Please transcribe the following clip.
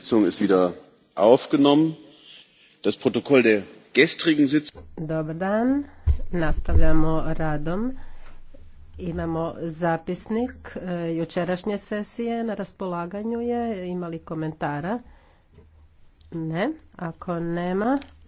sitzung ist wieder aufgenommen. das protokoll der gestrigen sitzung Dobar dan. Nastavljamo radom. Imamo zapisnik e, jučerašnje sesije na raspolaganju je. Imali komentara? Ne. Ako nema,